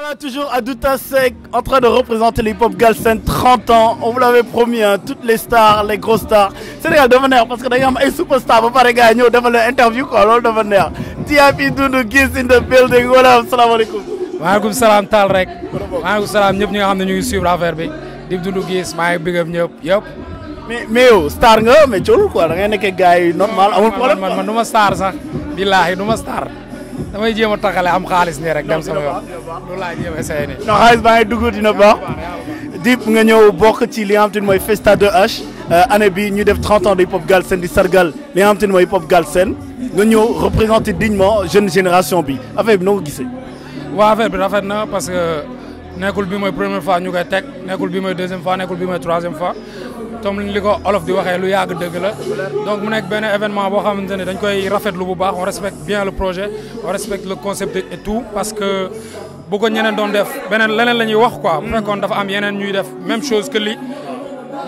Voilà, toujours Adouta Sek en train de représenter l'hip-hop Galsen 30 ans. On vous l'avait promis, hein, toutes les stars, les grosses stars. Sénégal dafa neex parce que d'ailleurs, am ay superstar ba pare gars yi ñëw l'interview interview quoi loolu dafa neex. Tiapi Doudou Guiss in the building wala alaikum maaleykum salaam tal rek. maaleykum salaam ñëpp ñi nga xam ne suivre affaire bi. di Doudou Guiss maa ngi big up mais mais star nga mais cool quoi da ngay nekkee gars yi normal amul problème man man du ma star sax. Billahi, du star damay jema takale am xaliss ni rek dem sama yoon loolu la jema a essayé nii. non xaalis baa ngi dina ba Dip nga ñew bok ci li nga xam Festa de h euh, année bi ñu def 30 ans de hip hop Galsen di sargal li nga xam te ne mooy hip hop Galsen nga ñëw représenté dignement jeune génération bi affaire bi noo ko gisee. waaw affaire bi rafet na parce que nekkul bi moy première fois ñu koy tek nekkul bi moy deuxième fois nekkul bi moy troisième fois comme li ko olof di waxe lu yag deug la donc mu nek ben événement bo xamante dañ koy rafetlu bu baax on respecte bien le projet on respecte le concept et tout parce que bu ko ñeneen doon def benen leneen lañuy wax quoi. bu fekkoon dafa am yeneen ñuy def même chose que li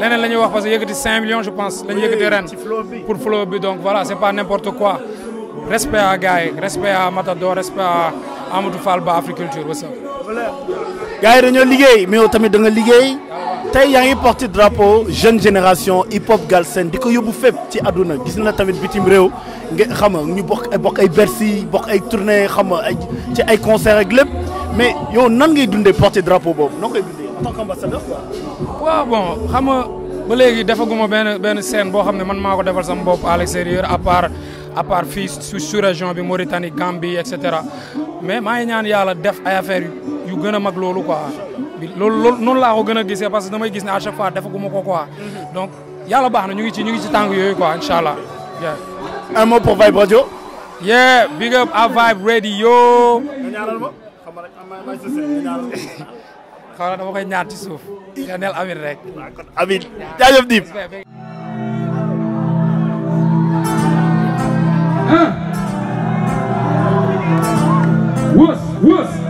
leneen lañuy wax parce que yëkkati 5 millions je pense la ñu ren pour flow bi donc voilà c'est pas n'importe quoi respect à gars respect à Matador respect à Amadou Fall ba agriculture wa sa gars yi liggéey mais tamit da nga liggéey tey yaa porte porté drapeau jeune génération hip hop Galsen di ko yóbbu fépp ci àdduna gis na tamit bitim réew nga xam nga ñu bokk bokk ay Bercy bokk ay tournée xam nga ay ci ay concerts ak lépp mais yo, nan ngay dundé porté drapeau bob noo koy dundee en tant qu'ambassadeur quoi. waaw bon xama nga ba léegi defaguma ben ben scène bo xamné man mako ko defal sama bopp à l'extérieur à part à part fii sous sous région bi Mauritanie Gambie et cetera mais ma ngi ñaan yalla def ay affaire yu. gëna mag loolu quoi loolu loolu noonu laa ko gëna gisé parce que damay gis ne à chaque fois defaguma ko quoi mhm. donc yalla baax na ñu ngi ci ñu ngi ci tang yoy quoi inshallah yeah. un mot pour Vibe Radio. yeah big up a Vibe Radio. xaw na dama koy ñaar ci suuf nga neel amin rek. amin jaajëf Dip. Wës wës.